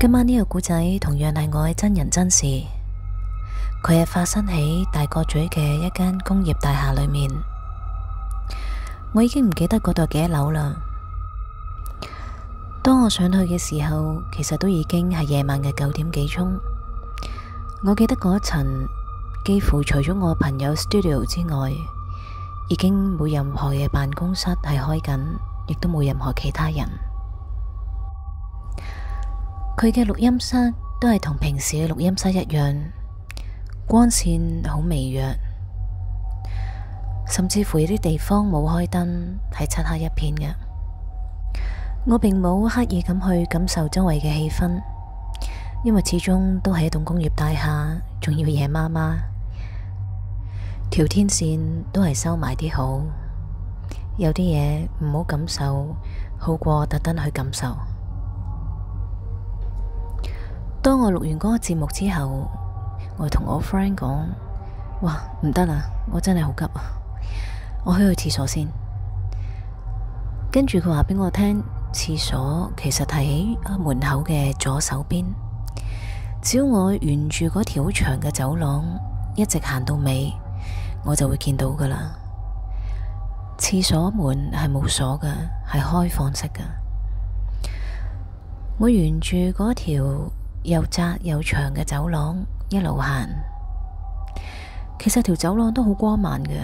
今晚呢個故仔同樣係我嘅真人真事，佢係發生喺大角咀嘅一間工業大廈裏面。我已經唔記得嗰度幾多樓啦。當我上去嘅時候，其實都已經係夜晚嘅九點幾鐘。我記得嗰層幾乎除咗我朋友 studio 之外，已經冇任何嘅辦公室係開緊，亦都冇任何其他人。佢嘅錄音室都係同平時嘅錄音室一樣，光線好微弱，甚至乎有啲地方冇開燈，係漆黑一片嘅。我並冇刻意咁去感受周圍嘅氣氛，因為始終都係一棟工業大廈，仲要夜媽媽，條天線都係收埋啲好，有啲嘢唔好感受，好過特登去感受。當我錄完嗰個節目之後，我同我 friend 講：哇，唔得啦，我真係好急啊！我去去廁所先。跟住佢話畀我聽，廁所其實喺門口嘅左手邊。只要我沿住嗰條好長嘅走廊一直行到尾，我就會見到噶啦。廁所門係冇鎖嘅，係開放式噶。我沿住嗰條。又窄又長嘅走廊，一路行。其實條走廊都好光猛嘅，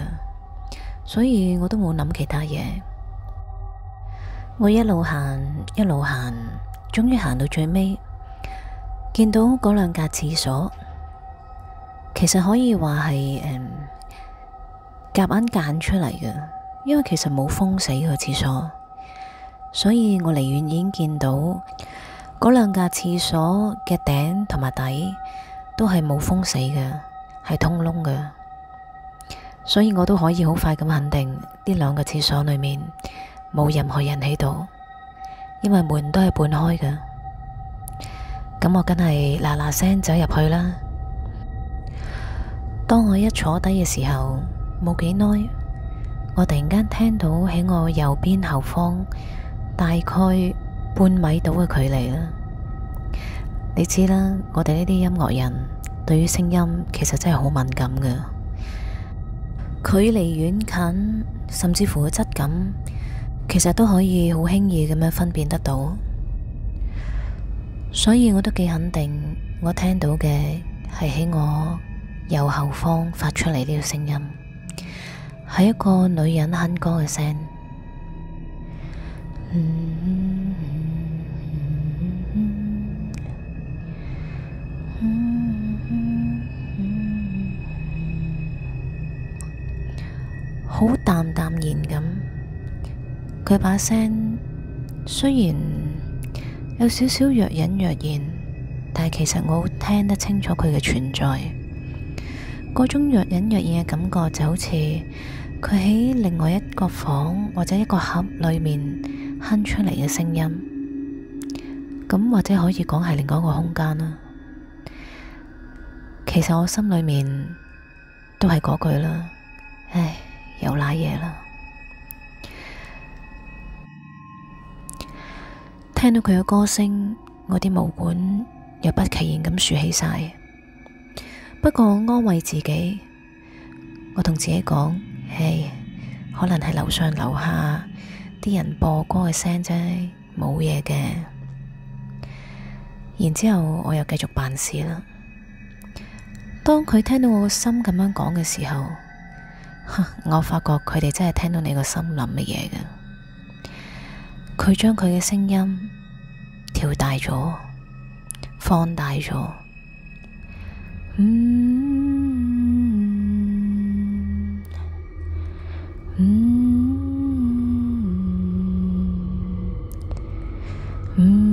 所以我都冇諗其他嘢。我一路行，一路行，終於行到最尾，見到嗰兩間廁所。其實可以話係誒夾硬揀出嚟嘅，因為其實冇封死個廁所，所以我離遠已經見到。嗰兩架廁所嘅頂同埋底都係冇封死嘅，係通窿嘅，所以我都可以好快咁肯定，呢兩個廁所裏面冇任何人喺度，因為門都係半開嘅。咁我梗係嗱嗱聲走入去啦。當我一坐低嘅時候，冇幾耐，我突然間聽到喺我右邊後方大概。半米到嘅距離啦，你知啦，我哋呢啲音樂人對於聲音其實真係好敏感㗎，距離遠近，甚至乎嘅質感，其實都可以好輕易咁樣分辨得到。所以我都幾肯定，我聽到嘅係喺我右後方發出嚟呢個聲音，係一個女人哼歌嘅聲。嗯好淡淡然咁，佢把聲雖然有少少若隱若現，但係其實我好聽得清楚佢嘅存在。嗰種若隱若現嘅感覺就好似佢喺另外一個房或者一個盒裏面哼出嚟嘅聲音。咁或者可以講係另外一個空間啦。其實我心裏面都係嗰句啦，唉。又瀨嘢啦！聽到佢嘅歌聲，我啲毛管又不其然咁豎起晒。不過我安慰自己，我同自己講：「唉、hey，可能係樓上樓下啲人播歌嘅聲啫，冇嘢嘅。」然之後我又繼續辦事啦。當佢聽到我個心咁樣講嘅時候， 我發覺佢哋真係聽到你個心諗嘅嘢嘅，佢將佢嘅聲音調大咗，放大咗。嗯嗯嗯嗯嗯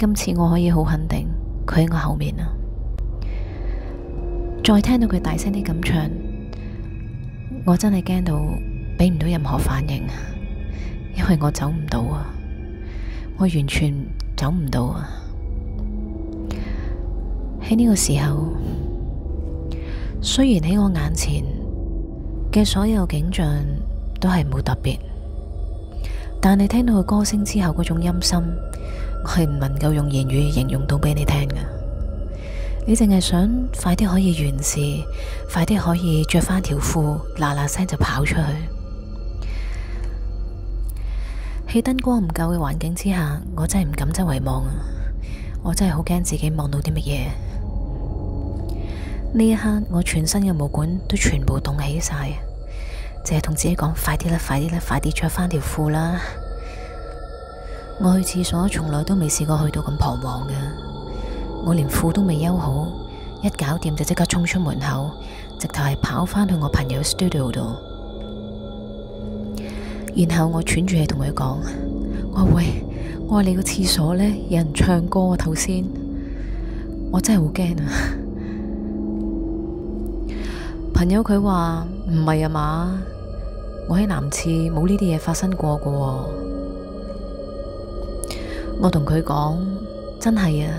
今次我可以好肯定，佢喺我後面啊！再聽到佢大聲啲咁唱，我真係驚到俾唔到任何反應啊！因為我走唔到啊，我完全走唔到啊！喺呢個時候，雖然喺我眼前嘅所有景象都係冇特別，但你聽到佢歌聲之後嗰種陰森，我係唔能夠用言語形容到俾你聽嘅，你淨係想快啲可以完事，快啲可以着翻條褲，嗱嗱聲就跑出去。喺燈光唔夠嘅環境之下，我真係唔敢周圍望啊！我真係好驚自己望到啲乜嘢。呢一刻，我全身嘅毛管都全部凍起晒，淨係同自己講：快啲啦，快啲啦，快啲着翻條褲啦！我去廁所從來都未試過去到咁彷徨嘅，我連褲都未休好，一搞掂就即刻衝出門口，直頭係跑翻去我朋友 studio 度，然後我喘住氣同佢講：我、哦、喂，我話你個廁所呢，有人唱歌啊頭先，我真係好驚啊！朋友佢話唔係啊嘛，我喺南廁冇呢啲嘢發生過噶。我同佢講，真係啊，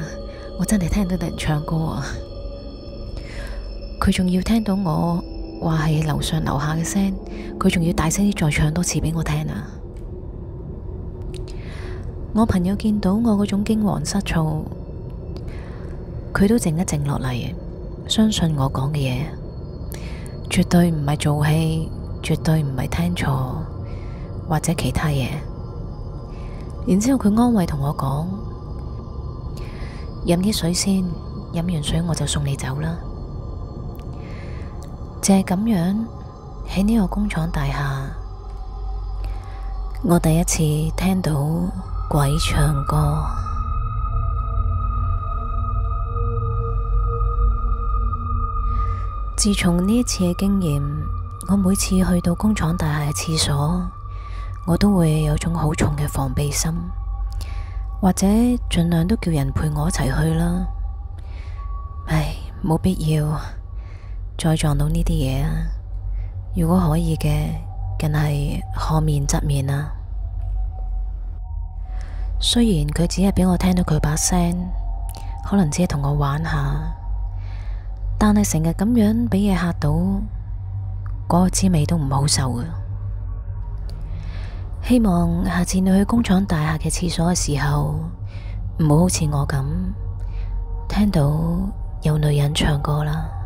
我真係聽到有人唱歌啊，佢仲要聽到我話係樓上樓下嘅聲，佢仲要大聲啲再唱多次畀我聽啊！我朋友見到我嗰種驚惶失措，佢都靜一靜落嚟，相信我講嘅嘢，絕對唔係做戲，絕對唔係聽錯或者其他嘢。然之後佢安慰同我講，飲啲水先，飲完水我就送你走啦。就係咁樣喺呢個工廠大廈，我第一次聽到鬼唱歌。自從呢一次嘅經驗，我每次去到工廠大廈嘅廁所，我都會有種好重嘅防備心，或者盡量都叫人陪我一齊去啦。唉，冇必要再撞到呢啲嘢啊！如果可以嘅，梗係可面則面啦。雖然佢只係畀我聽到佢把聲，可能只係同我玩下，但係成日咁樣畀嘢嚇到，嗰個滋味都唔好受啊！希望下次你去工廠大廈嘅廁所嘅時候，唔好好似我咁聽到有女人唱歌啦。